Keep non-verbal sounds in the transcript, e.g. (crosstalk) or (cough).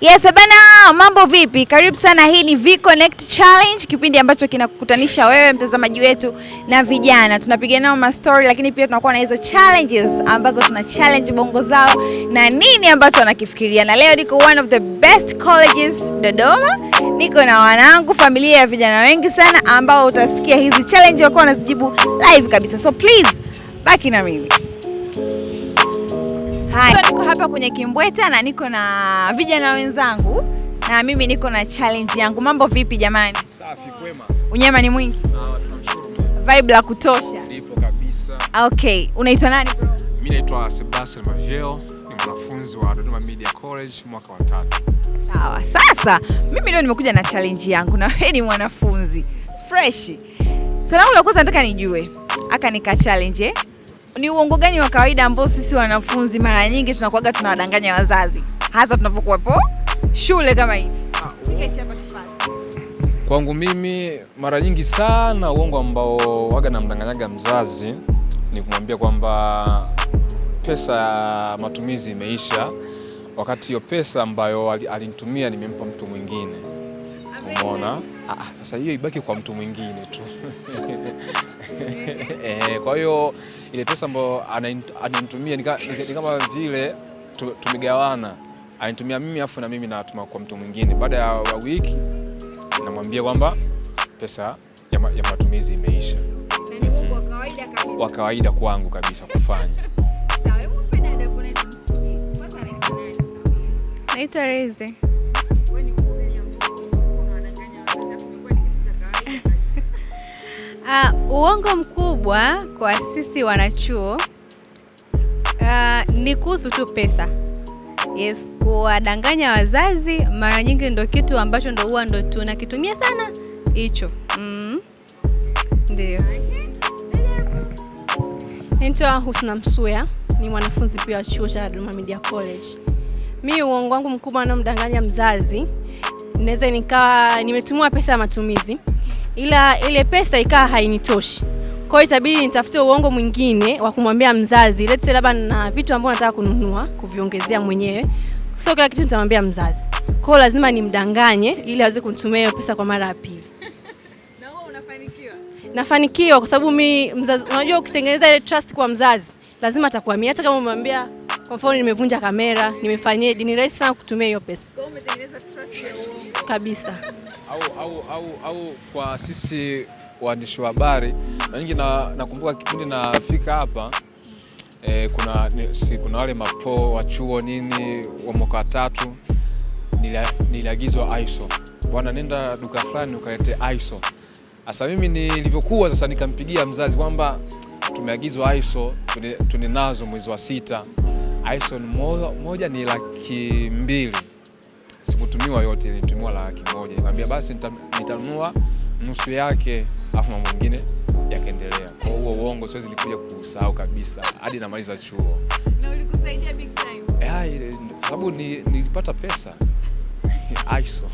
Yes, bana, mambo vipi? Karibu sana. Hii ni V Connect Challenge, kipindi ambacho kinakukutanisha wewe mtazamaji wetu na vijana. Tunapiga nao mastori, lakini pia tunakuwa na hizo challenges ambazo tuna challenge bongo zao na nini ambacho wanakifikiria. Na leo niko one of the best colleges Dodoma, niko na wanangu, familia ya vijana wengi sana ambao utasikia hizi challenge wakuwa wanazijibu live kabisa, so please baki na mimi hapa kwenye Kimbweta na niko na vijana wenzangu na mimi niko na challenge yangu. Mambo vipi jamani? Safi kwema. Unyama ni mwingi? Ah, Vibe la kutosha. Ndipo kabisa. Okay, unaitwa nani bro? Mimi naitwa Sebastian Mavio, ni mwanafunzi wa Dodoma Media College mwaka wa tatu. Sawa. Sasa mimi leo nimekuja na challenge yangu na wewe ni mwanafunzi fresh. Swali so, la kwanza nataka nijue aka nika challenge eh? Ni uongo gani wa kawaida ambao sisi wanafunzi mara nyingi tunakuwaga tunawadanganya wazazi, hasa tunapokuwepo shule kama hivi? Ah, oh. Kwangu mimi mara nyingi sana uongo ambao waga namdanganyaga mzazi ni kumwambia kwamba pesa ya matumizi imeisha, wakati hiyo pesa ambayo alinitumia nimempa mtu mwingine. Umeona? Ah, ah, sasa hiyo ibaki kwa mtu mwingine tu. E, (laughs) kwa hiyo ile pesa ambayo ananitumia ni kama vile tumegawana, anitumia mimi afu na mimi natuma kwa mtu mwingine. Baada ya wiki namwambia kwamba pesa ya, ma, ya matumizi imeisha. Yaani wa kawaida kwangu kabisa kufanya. Naitwa Reze. Uh, uongo mkubwa kwa sisi wanachuo uh, ni kuhusu tu pesa. Yes, kuwadanganya wazazi mara nyingi ndo kitu ambacho ndo huwa ndo tunakitumia sana hicho. Mm. Ndio. Naitwa Husna Msuya, ni mwanafunzi pia wa chuo cha Dodoma Media College. Mi uongo wangu mkubwa anaomdanganya mzazi, naweza nikawa nimetumia pesa ya matumizi ila ile pesa ikawa hainitoshi, kwa hiyo itabidi nitafute uongo mwingine wa kumwambia mzazi, let's say labda na vitu ambavyo nataka kununua kuviongezea mwenyewe, sio kila kitu nitamwambia mzazi. Kwa hiyo lazima nimdanganye ili aweze kunitumia hiyo pesa kwa mara ya pili. Na wewe unafanikiwa? Nafanikiwa kwa sababu mi mzazi, unajua ukitengeneza ile trust kwa mzazi lazima atakuamini, hata kama umemwambia kwa mfano nimevunja kamera, nimefanyaje, ni rahisi sana kutumia hiyo pesa. Kwa umetengeneza trust kabisa. au, au, au, au kwa sisi waandishi wa habari na nyingi, nakumbuka kipindi nafika hapa e, kuna, si, kuna wale mapo wa chuo nini wa mwaka wa tatu niliagizwa ISO bwana, nenda duka fulani ukalete ISO. Sasa mimi nilivyokuwa sasa, nikampigia mzazi kwamba tumeagizwa ISO, tuninazo nazo mwezi wa sita. Ison moja ni laki mbili, sikutumiwa yote, nilitumiwa laki moja. Nikamwambia basi nitanunua nusu yake, afu mambo mengine yakaendelea. Kwa huo uongo siwezi nikuja kusahau kabisa hadi namaliza chuo. Na ulikusaidia big time? Eh, ah, sababu nilipata pesa (laughs) Ison